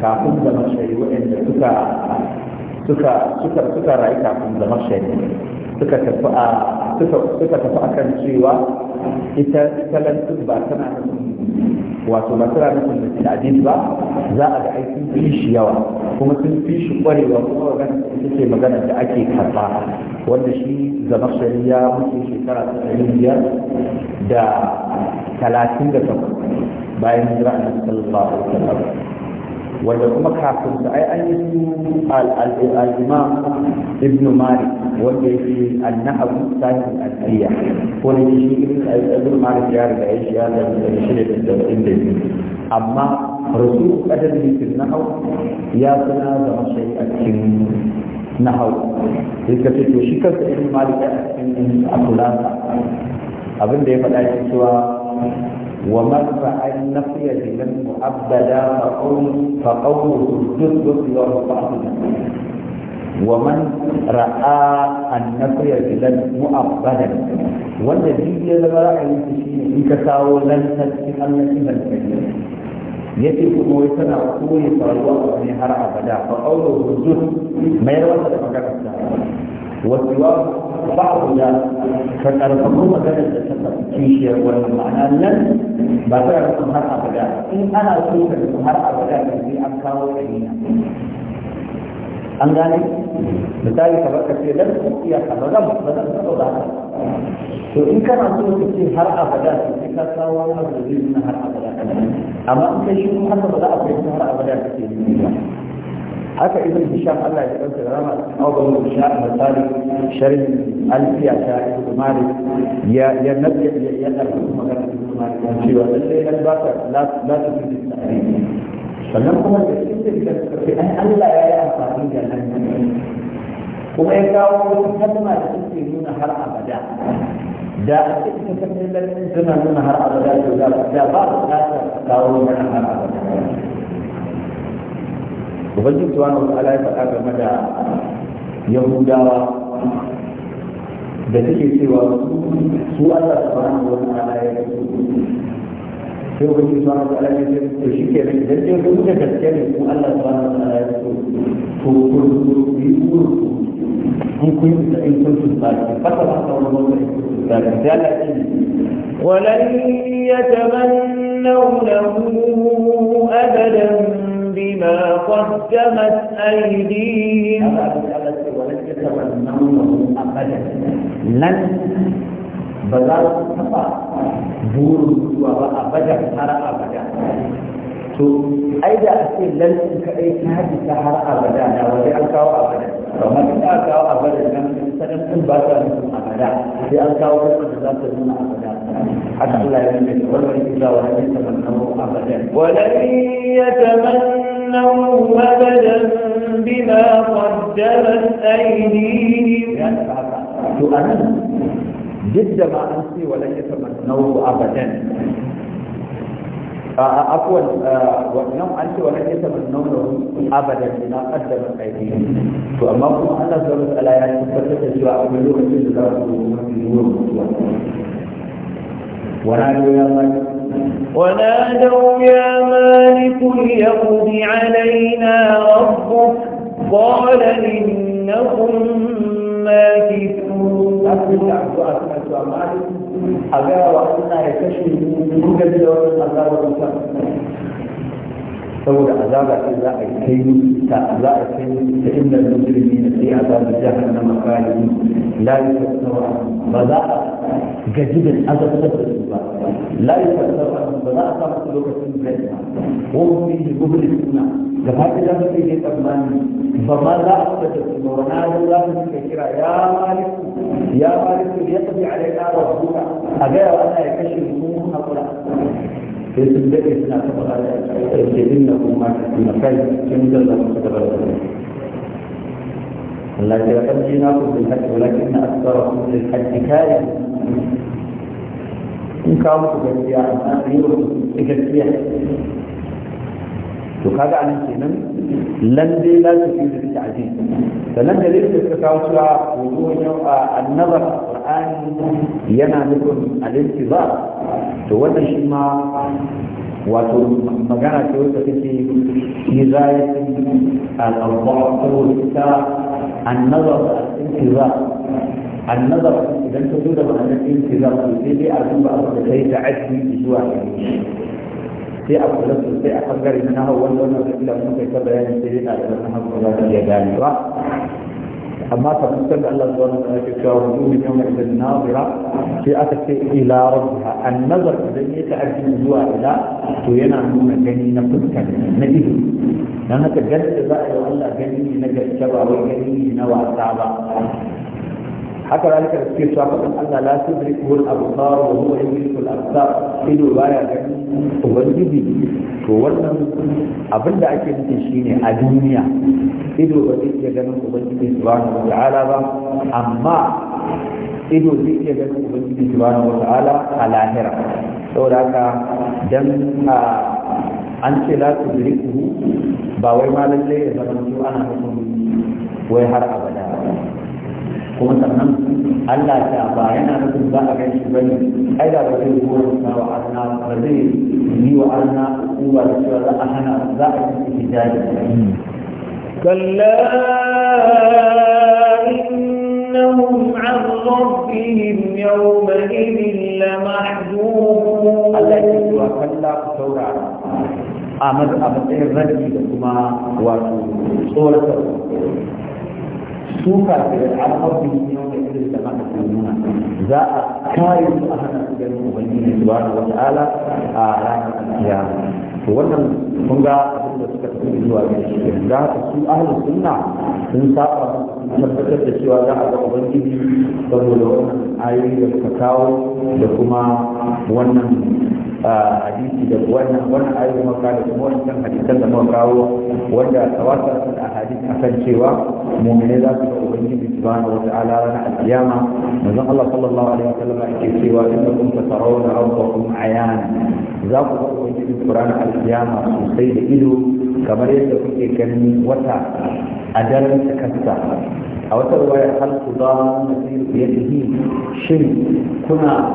kafin zama shari'a waɗanda suka suka suka suka rayu kafin zama shari'a suka tafi a suka tafi akan cewa ita talentun ba tana wato ba tana nufin da ta'adil ba za a ga aikin fishi yawa kuma sun fishi kwarewa kuma wannan ita ce magana da ake karba wanda shi zama shari'a muke shekara ta ɗari biyar da talatin da takwas bayan jira'a na sallallahu alaihi wasallam wanda kuma kafin su ai an yi su al ibn malik wanda yake annahu sahib al-ariya ko ne shi ibn malik ya riga ya shi ya da shi ne da inda amma rasul kadar na hau ya suna zama shi a cikin na hau. ka ce to shi kansa ibn malik a cikin akulasa abin da ya faɗa shi cewa ومن رأى النفي لمن مؤبدا فقوله جزء ومقاصد ومن رأى النفي لمن مؤبدا والذي لما رأى المسلمين إن كساو لن تسكن التي من yace kuma wai tana koyi faruwa a ne har abada fa qawlu hujjut mai rawar da magana ta wasiwa ba'u da ka karfafa magana da ta nan ba ta da su har abada in ana so ka su har abada da sai an kawo kalina an gane misali kamar ka ce dan ku iya ka bazan bazan ka ba to in kana so ka ce har abada sai ka kawo wani abu zai nuna har abada amma in kai shi kuma haka ba za a har abada kake yi haka ibn hisham Allah ya dauke da rama aw ban musha al-masali sharh alfiya ta ibn malik ya ya nabi ya ya dauke magana ibn malik cewa lallai dan ba ta la la ta fi tsari sannan kuma da cikin da kace an Allah ya yi amfani da nan kuma ya kawo wani kalma da take nuna har abada da a cikin kalmar da suna nuna har abada to da ba ta kawo mana har abada ubangiji subhanahu ala ya faɗa game da yahudawa da suke cewa su Allah wani ala ya sai ubangiji subhanahu ala ya ce su shi ke nan idan ya da gaske ne ko Allah subhanahu ala ya so to ko ko hukumin da in sun fuskaci fata ba ta wani wanda in sun fuskaci sai Allah ce ولن يتمنونه أبدا بما قدمت أيديهم لن بلغ سفا دور وابدا ترى أبدا to ai da a ce lalcin kaɗai ta haɗi ta har abada na waje an kawo abada kamar in aka kawo abada nan sanin sun ba ta nufin abada sai an kawo kalmar da za ta nuna abada haka Allah ya nuna wannan kisa wa hanyar tamannamu abada walan yatamannamu abadan bima qaddamat aydihim to anan duk da ma an ce walan yatamannamu abadan آه، آه، عفوا آه، والنوم أنت ولا من نوم أبدا إذا قدم أيديهم فأما كما الله سبحانه وتعالى يثبت سوى أولوك في ونادوا يا مالك ونادوا يا مالك ليقض علينا ربك قال إنكم ماكثون أكثر أكثر أكثر مالك a gaya wa Allah ya kashe mun gaji da wannan azabar ta saboda azaba ce za a kai ta za a kai ta inda musulmi na sai azabar jahannama kalibi la yusawwa ba za a gaji da azabtar da su ba la yusawwa ba za a samu lokacin da ba ko mun yi gurbin suna da fata za su yi tsammani ba ma za a fita da su ba wani za su kira ya maliku ya maliku ya tafi a rai ƙara buka a gaya wa ana ya kashe mu haƙura sai sun daɗe suna taɓa da ke dinna kuma na kai sun zalla musu da barka الله لقد جئناكم بالحج ولكن اكثركم للحج كارهون ان كانوا تجسيا اما غيركم تجسيا to kaga a nan kenan lan dai la su fi da ta'dil sannan da lissa suka kawo cewa wudu'un yau a annabar qur'ani yana nufin al-intiba to wannan shi ma wato magana ce wacce take hizayatin al-awda'a ko ta annabar al-intiba النظر اذا انت تقول انا الانتظار في سيدي ارجو ان تتعدي بجوع sai a kula sosai a bangare na nahawu wanda wannan wakila mun kai ta bayani sai yana da wannan hagu ba za iya gane ba amma tabbatar da Allah subhanahu wa ta'ala ke cewa wudu min yawma idan nazira sai aka ce ila rabbiha an nazar idan ya ta'addi zuwa ila to yana nuna gani na fuska na ido dan haka ganin da za a yi Allah gani na gaske ba wai gani na wasa ba haka zalika da suke cewa faɗin Allah la tudriku al-absar wa huwa yudriku al-absar ido baya ga ubangiji to wannan abin da ake nufi shine a duniya ido ba zai iya ganin ubangiji subhanahu wa ta'ala ba amma ido zai iya ganin ubangiji subhanahu wa ta'ala a lahira saboda haka dan an ce la tudriku ba wai ma lalle ya zama ana nufin wai har abada kuma sannan Allah ta ba yana nufin za a gan shi bane ai da ba zai rubuta wa arna ba zai yi wa arna hukuma da cewa za a hana za a yi hijabi كلا إنهم عن ربهم يومئذ لمحجوبون الله يسوى كلا بسورة أمر أبطئ الرجل كما وصورة su kafirai an haɓu yau wanda irin da aka nuna za a kare su a hana su ganin ubangiji da wata ala a ranar alkiyama to wannan kun ga abin da suka tafi zuwa ga shi da haka su ahlus sunna sun saba tabbatar da cewa za a ga ubangiji saboda wannan ayoyi da suka kawo da kuma wannan A hadisi da wannan wannan ayoyin maka da kuma wancan hadisan da muka kawo wanda tawatar da hadisi akan cewa mu'mini za su ga ubangiji subhanahu wa ta'ala ranar alkiyama manzon Allah sallallahu alaihi wasallam yake cewa innakum tatarawna rabbakum ayana za ku ga ubangiji ranar alkiyama sosai da ido kamar yadda kuke ganin wata a daren kasta a wata ruwaya hal ku za mu yadihi shin kuna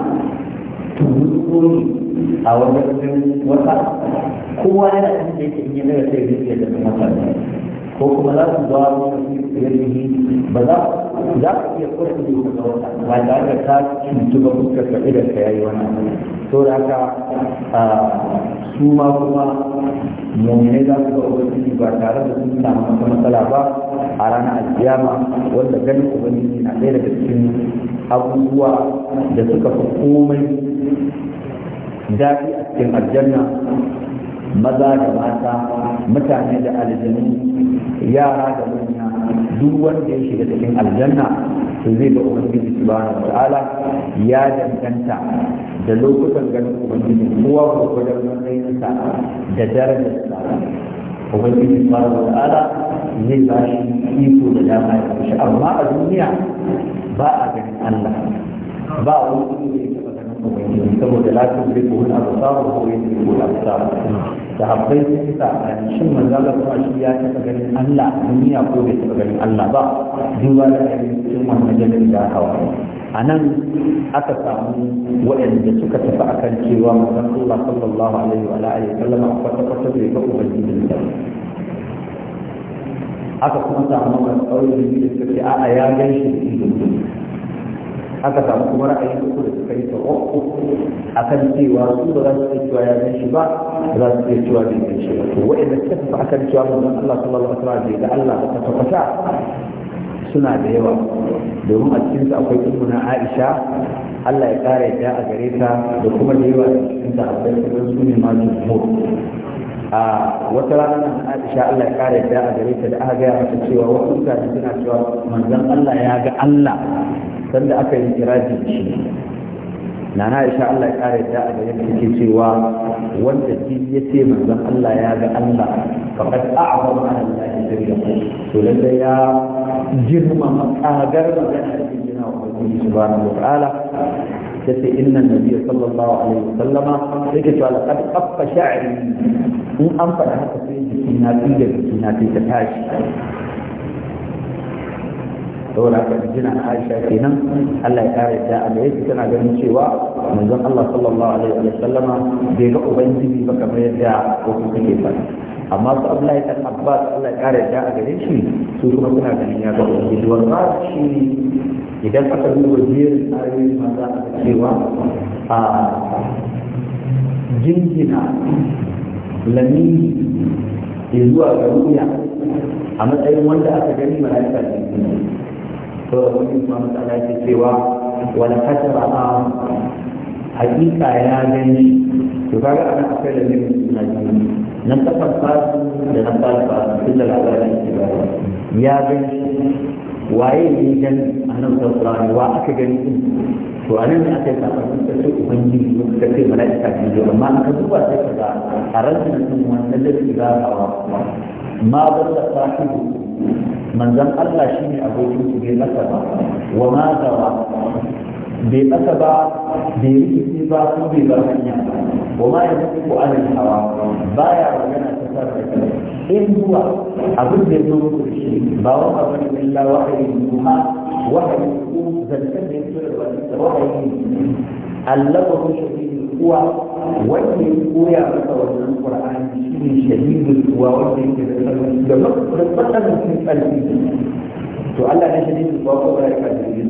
tumutsu a wajen wata kowa yana kan da yake yi na yasa yi da sami ko kuma za su zuwa wani yanzu ba za za ku iya kura da ga wata ba da da ta cutu ba kuka kaɗi da ka yayi wani to da aka su ma kuma mummune za su ga ubangiji ba tare da sun samu wata matsala ba a ranar alkiyama wanda ganin ubangiji na ɗaya daga cikin abubuwa da suka fi komai daɗi a cikin aljanna maza da mata mutane da aljanu yara da manya duk wanda ya shiga cikin aljanna to zai ga ubangiji subhanahu ta'ala ya danganta da lokutan ganin ubangiji kowa ko gudan matsayinsa da darajarsa ubangiji subhanahu ta'ala zai ba shi iko da dama ya amma a duniya ba a ganin Allah ba wani saboda latin bai kuhun abu samu ko yin kuhun abu samu da habbai sun fita a shin manzo ko a shi ya taɓa ganin Allah a duniya ko bai taɓa ganin Allah ba duba da ainihin cikin wannan jalin da hawa a nan aka samu waɗanda suka tafi a kan cewa manzon Allah sallallahu alaihi wa alihi wa sallam a kwata-kwata bai ga ubangijin sa aka kuma samu wani ƙauyen da suka ce a'a ya gaishe da ido aka samu kuma ra'ayi uku da suka yi a kan cewa su ba za su iya cewa ya gan shi ba ba za su iya cewa bai gan shi ba to wa'anda suka tafi akan cewa manzon Allah sallallahu alaihi wasallam bai da Allah ba ta kwata suna da yawa domin a cikin su akwai ilmu na Aisha Allah ya kare ta a gare ta da kuma da yawa cikin ta akwai kuma su ne ma jumhur a wata rana nan Aisha Allah ya kare ta a gare ta da aka ga mata cewa wasu mutane suna cewa manzon Allah ya ga Allah sanda aka yi kiraji shi na na isha Allah ya kare da a yadda yake cewa wanda ji ya ce manzon Allah ya ga Allah faqad a'zama ala Allah dariya to lalle ya girma makagar magana da jina wa Allah subhanahu wa ta'ala yace inna nabiyya sallallahu alaihi wasallama yake cewa laqad qaffa sha'ri in an faɗa haka sai jikina tsinda jikina sai ta tashi saboda haka jina Aisha kenan Allah ya kare ta a gare tana ganin cewa manzon Allah sallallahu alaihi wa sallama bai ga ubangiji ba kamar yadda wasu suke ba amma su Abdullahi dan Abbas Allah ya kare ta a gare shi su kuma suna ganin ya ga ubangiji wanda shi idan aka duba jiyar tsari ma za a cewa a jinjina lamini zuwa ga ruya a matsayin wanda aka gani mala'ika ne saboda wani kuma ke cewa wani a hakika ya gani to kaga ana akwai da zai na biyu na takwas fasu da na fasu fasu tun da labarin ke ba ya gani waye ne wa aka gani to ne aka yi sakamakon ne mala'ika ne amma aka duba sai ka ga a wannan da a ما ضل صاحبه من زم الله شيني أبوكم بمسبة وما ذرى بمسبة بريكي باطل برهنيا وما يدفق عن الهوى بايع وجنى تسرق إن هو أبد يدور كل شيء باوقع بني إلا وحي يوحى وحي يقوم زلزل يسر وحي اللغة شديد القوى wanda ya koya masa wannan qur'ani shine shahidul kuwa wanda yake da sanin da matsalancin kalbi to Allah ne shahidul kuwa ko da ka ji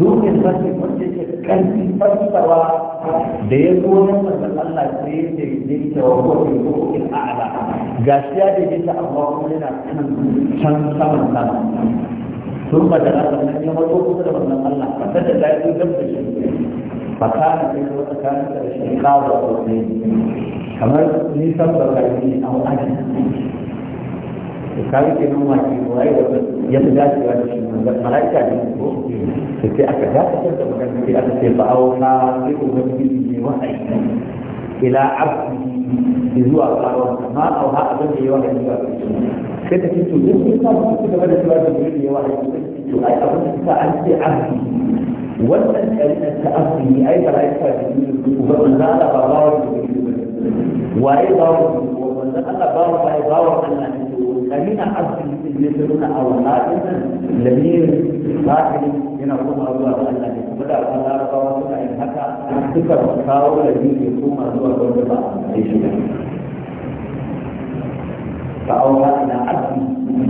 zuwan sassi wanda yake kalbi fasawa da ya zo na manzon Allah sai ya daidaita wa kowace kokin a'ala gashiya daidaita amma kuma yana kan can saman sama ثم تنازل من يوم الوقوف الى الله فتجد لا يجوز tsakanin ita wata kanin da shirka wa kusa kamar nisan da kari a wani kari ke noma ke wai da ya fi dacewa da shi wanda malaka ne ko ta ce aka dace da magana ke aka ce ba awon na sai ko wani gidi ne wani ila abu ne zuwa karuwa amma a wani abin da yawa ne zuwa ke sai ta cikin duk sun samu su gaba da cewa da gudu ne wani gudu to ai abin da ta an ce abu wannan ta'abbi ai malaika da su ba manzo Allah ba ba waye ba manzo Allah ba ba waye ba wa Allah kamin abdi ne da nuna awlatin lamir zakiri yana kuma zuwa ga Allah ne kuma da Allah ba wa suka yi haka suka kawo lamir kuma zuwa ga wanda ba shi فأوحى إلى عبدي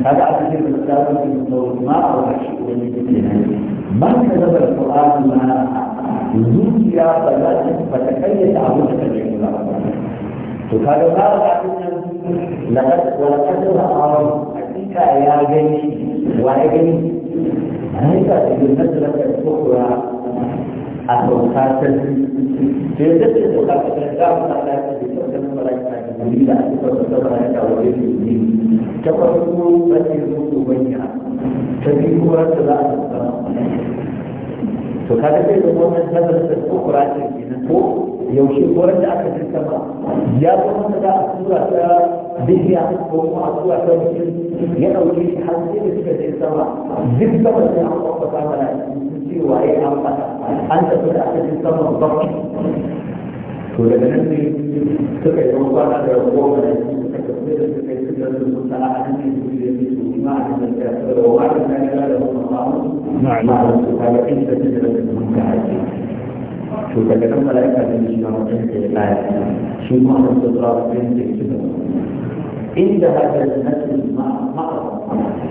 هذا عبد في الكتاب في الصور ما أوحى شيء من كتب القرآن ما زوجي فلا فتكيت عبدك الجملة فقالوا ما رأينا لقد ولقد رأى حقيقة يا جني ويا جني هيك الناس a sauka ta da ya dace da sauka ta da mu ta da ta da ta malaika da wuri da ake sauka ta malaika wuri da ne ta farko ba ce mutu banya ta biyu kuma ta za a sauka to ka sai da wannan nazarin da ko kuracin kenan ko yaushe koran da aka ji sama ya zama da a tura ta bihiya ko kuma a tura ta mutum ya ɗauke shi har sai da suka je sama duk sama sai an kwakwata mala'iku cewa ya an an tafi da asalin saman bakwai to daga nan ne suka yi da goma da suka tafi da suka yi suka yi sun sana'a a cikin su da yake su ima a cikin da su da wani da ya da kuma ma'amu ma'amu su kaga in da su da su ka haƙe to daga nan mala'ika da shi ma mutum ke laya shi ma mutum zuwa mutum ke cikin inda hajjar nasu ma'a ma'a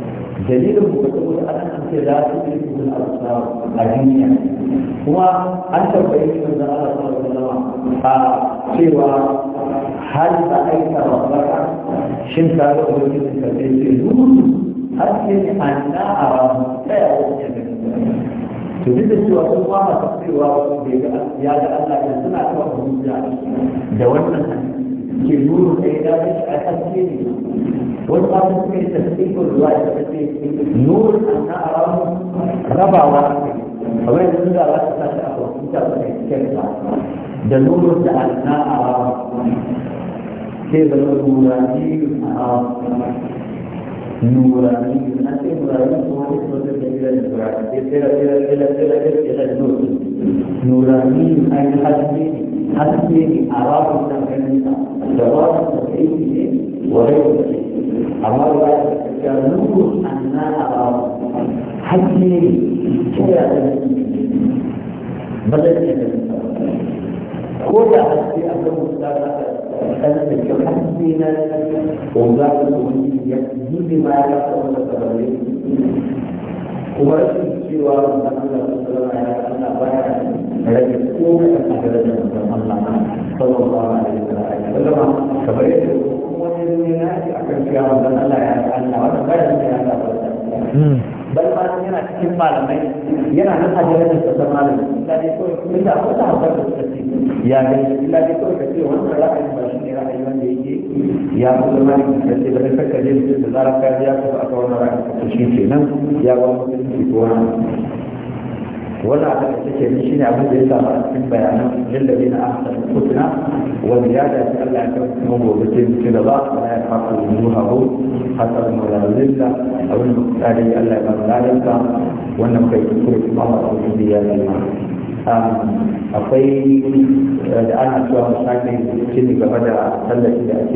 dalilin ku saboda an ce za su yi kudin al'asar a duniya kuma an tabbayi shi da Allah sallallahu alaihi wasallam a cewa hal ta aika rabbaka shin ka ga ubangiji ka sai ce ruhu har sai ne anna a ta ya wuce to duk da cewa sun kwama cewa ya ga Allah suna kawo da wannan جمهور الإدارة أساسي والقادم في التسبيح والرواية التي نور أن أراه ربع واحد وين نور رأس أشعر كيف ده نور أن أراه كيف نوراني أراه نوراني نسي نوراني نوراني نوراني نوراني نوراني نوراني نوراني أراه من دوام تسعين وغير عمار بعد كنور أننا أرام حتى كذا بدل كذا كل حتى أنه مستعد أنا بتحسن ومزاح الأمنية دي بما يحصل لك وما يحصل cewa wannan Allah ya baya ko Allah sallallahu alaihi wa sallama kamar yadda wani ne na ake akan cewa wannan Allah ya wannan baya ne ya bal yana cikin malamai yana nan a jirgin sassan malamai illa kawai kuma da akwai da haɓar da suka ce ya gani illa kawai ka ce wannan ra'ayi ba shi ne ra'ayi wanda yake ya fi zama ne ka ce bari kakka je da zarar ka ya a aka wannan ra'ayi ka ce shi kenan ya ba mutum ke ko wannan abin da take ni shine abin da ya samu a cikin bayanan lillabi na ahsan husna wa ziyada ta Allah ta kuma gobe ce ci gaba wa ya fasu ruhahu hasar mawlalilla a wani tsari Allah ya ba lalanka wannan kai kuskure kuma wa tsari ya zama akwai eh, da ana cewa musamman shi ne game da tallafi da ake